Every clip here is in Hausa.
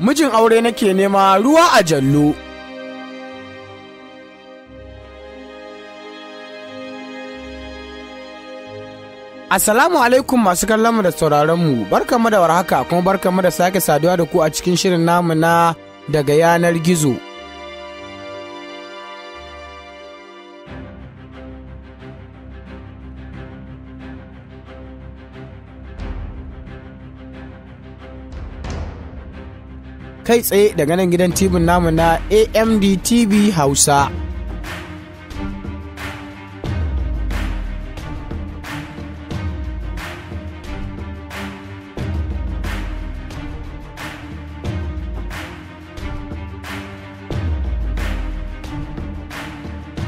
mijin aure nake nema ruwa a jallo. Asalamu alaikum masu kallon da sauraron mu barkamu da warhaka kuma barkamu da sake saduwa da ku a cikin shirin namu na daga yanar gizo. kai tsaye daga nan gidan tibin namu na amd tv hausa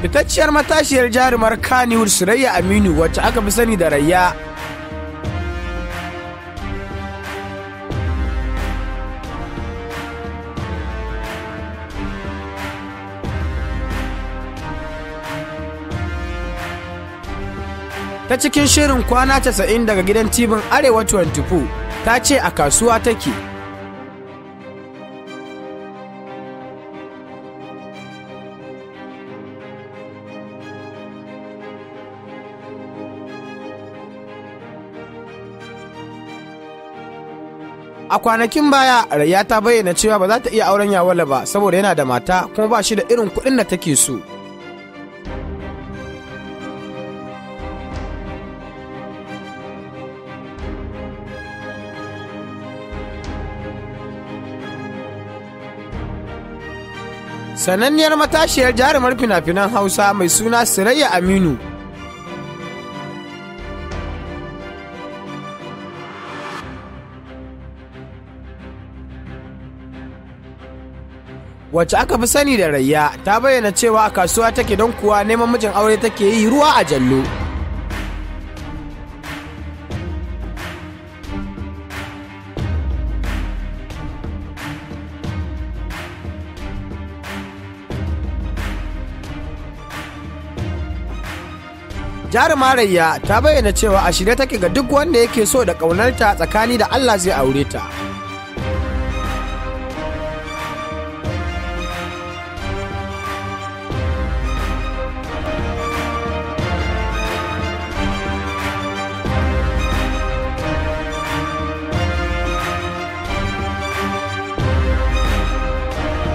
fitacciyar matashiyar jarumar kanihud surayya aminu wacce aka fi sani da rayya ta cikin shirin kwana 90 daga gidan tibin arewa 24 ta ce a kasuwa take a kwanakin baya rayya ta bayyana cewa ba za ta iya auren yawala ba saboda yana da mata kuma ba shi da irin kuɗin da take so sananniyar matashiyar jarumar fina-finan hausa mai suna sirayya aminu wacce aka fi sani da rayya ta bayyana cewa kasuwa take don kuwa neman mijin aure take yi ruwa a jallo jaruma rayya ta bayyana cewa a shirye take ga duk wanda yake so da ƙaunarta tsakani da allah zai aure ta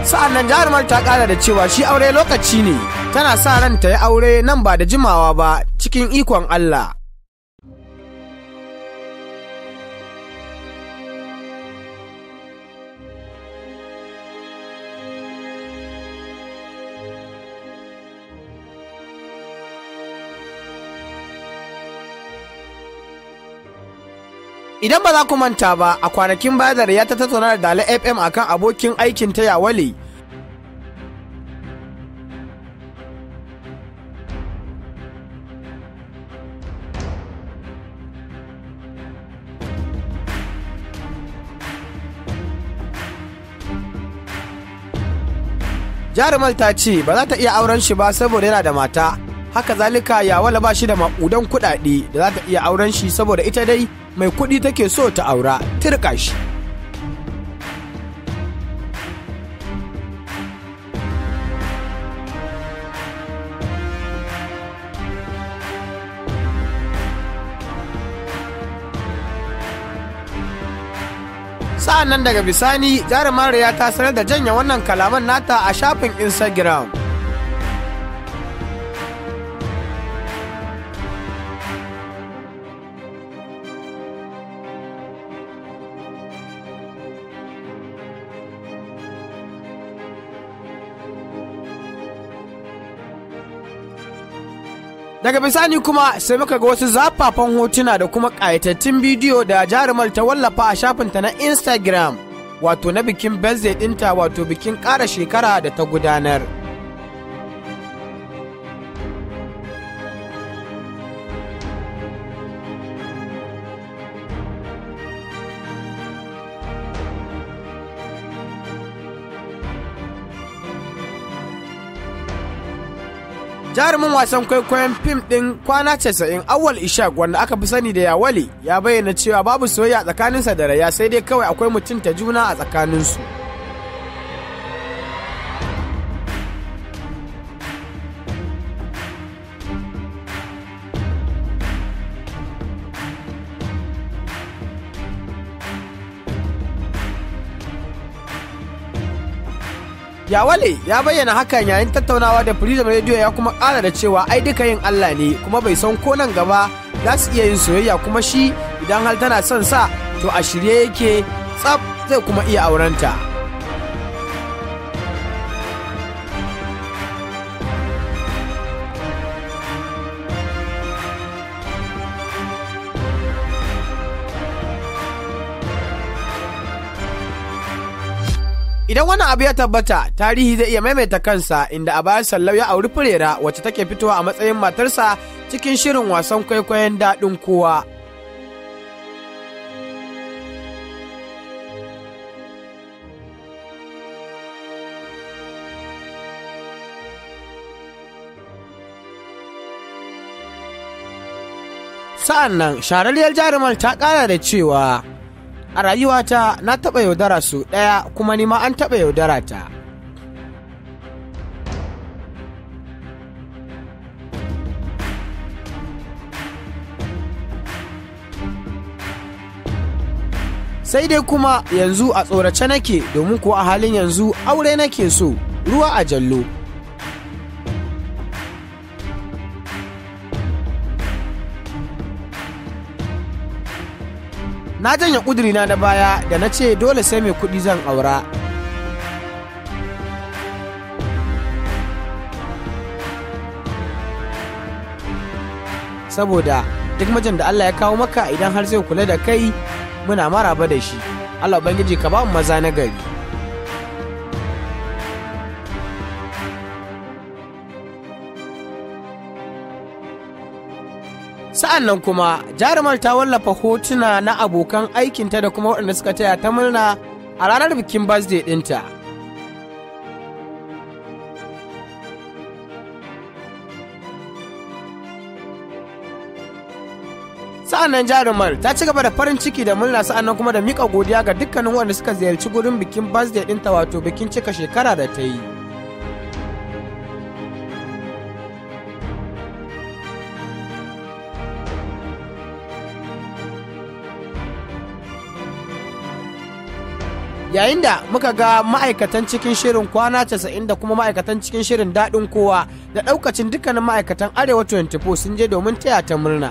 sa'an nan jarumar ta ƙara da cewa shi aure lokaci ne tana sa ran ta yi aure nan ba da jimawa ba cikin ikon Allah. Idan ba za ku manta ba a kwanakin badar ya ta tattauna da Dala FM akan abokin aikin ta Yawale. jarumal ta ce ba za ta iya auren shi ba saboda yana da mata haka zalika ya wala ba shi da maƙudan kuɗaɗe da za ta iya auren shi saboda ita dai mai kuɗi take so ta aura tirka shi sa'an nan daga bisani jarumar ya ta sanar da janya wannan kalaman nata a shafin instagram daga bisani kuma sai muka ga wasu zafafan hotuna da kuma ƙayatattun bidiyo da jarumar ta wallafa a shafinta na instagram wato na bikin birthday ɗinta wato bikin ƙara shekara da ta gudanar jarumin wasan kwaikwayon fim din kwana 90 awal ishaq wanda aka fi sani da yawale ya bayyana cewa babu soyayya tsakaninsa da raya sai dai kawai akwai mutunta juna a tsakaninsu Yawale ya bayyana hakan yayin tattaunawa da Freedom Radio ya kuma ƙara da cewa ai duka yin Allah ne kuma bai san ko nan gaba za su iya yin soyayya kuma shi idan har tana son sa to a shirye yake tsaf zai kuma iya aurenta. Idan wannan abu ya tabbata, tarihi zai iya maimaita kansa inda a bayan sallau ya auri furera wacce take fitowa a matsayin matarsa cikin shirin wasan kwaikwayon daɗin kowa. Sa'an nan, shararriyar jarumar ta ƙara da cewa a rayuwata na taɓa yaudara su ɗaya kuma nima an taɓa yaudara ta. Sai dai kuma yanzu a tsorace nake domin kuwa a halin yanzu aure nake so ruwa a jallo. na janya ƙudurina na baya da na ce dole sai mai kuɗi zan aura saboda duk mijin da Allah ya kawo maka idan har zai kula da kai muna maraba da shi Allah ubangiji ka ba mu maza na gari sa'an nan kuma jarumar ta wallafa hotuna na abokan aikinta da kuma waɗanda suka taya ta murna a ranar bikin birthday ɗinta. sa'an nan jarumar ta ci gaba da farin ciki da murna sa'an nan kuma da miƙa godiya ga dukkanin waɗanda suka ziyarci gurin bikin birthday ɗinta wato bikin cika shekara da ta yi. yayin da muka ga ma'aikatan cikin shirin kwana 90 da kuma ma'aikatan cikin shirin daɗin kowa da ɗaukacin dukkanin ma'aikatan arewa 24 sun je domin taya ta murna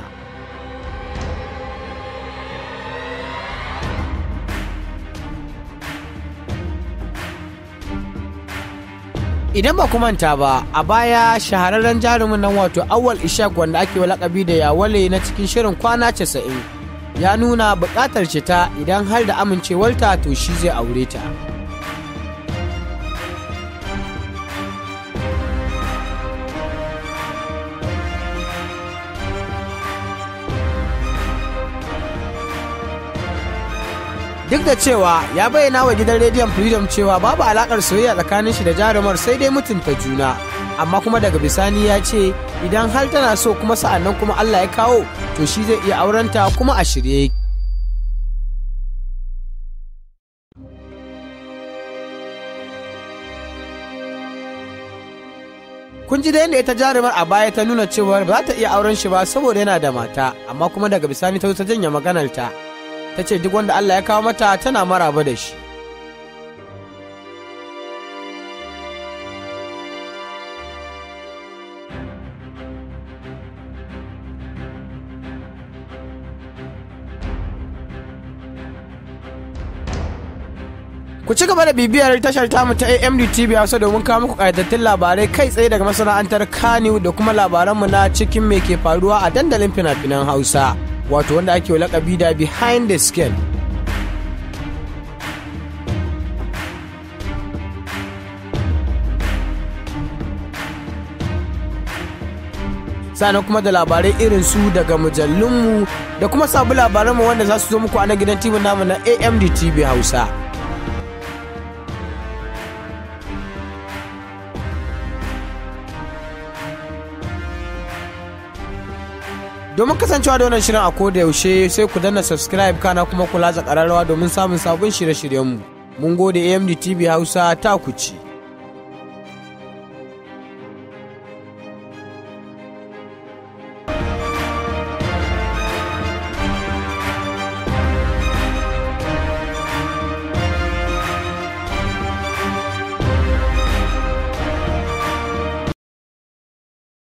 idan ba ku manta ba a baya shahararren jarumin nan wato awal ishaq wanda ake lakabi da yawale na cikin shirin kwana 90 ya nuna buƙatar ce ta idan har da amincewarta to shi zai aure ta. duk da cewa ya bayyana wa gidan rediyon freedom cewa babu alaƙar soyayya tsakanin shi da jarumar sai dai mutunta juna amma kuma daga bisani ya ce idan har tana so kuma sa'annan kuma Allah ya kawo to shi zai iya aurenta kuma a shirye kun ji da yadda ita jarumar a baya ta nuna cewa ba ta iya auren shi ba saboda yana da mata amma kuma daga bisani ta zo ta janye maganarta ta ce duk wanda Allah ya kawo mata tana maraba da shi Ku ci gaba da bibiyar tashar tamu ta AMD TV Hausa domin kawo muku ƙayatattun labarai kai tsaye daga masana'antar Kanu da kuma labaranmu na cikin me ke faruwa a dandalin fina-finan Hausa, wato wanda ake lakabi da Behind the skin sannan kuma da labarai irin su daga mujallunmu da kuma sabu labaranmu wanda za su zo muku a na gidan tv namu na amd tv hausa domin kasancewa da wannan shirin a ko da yaushe sai ku danna subscribe kana kuma ku latsa ƙararrawa domin samun sabon shirye-shiryenmu mun gode amd tv hausa ta ku ci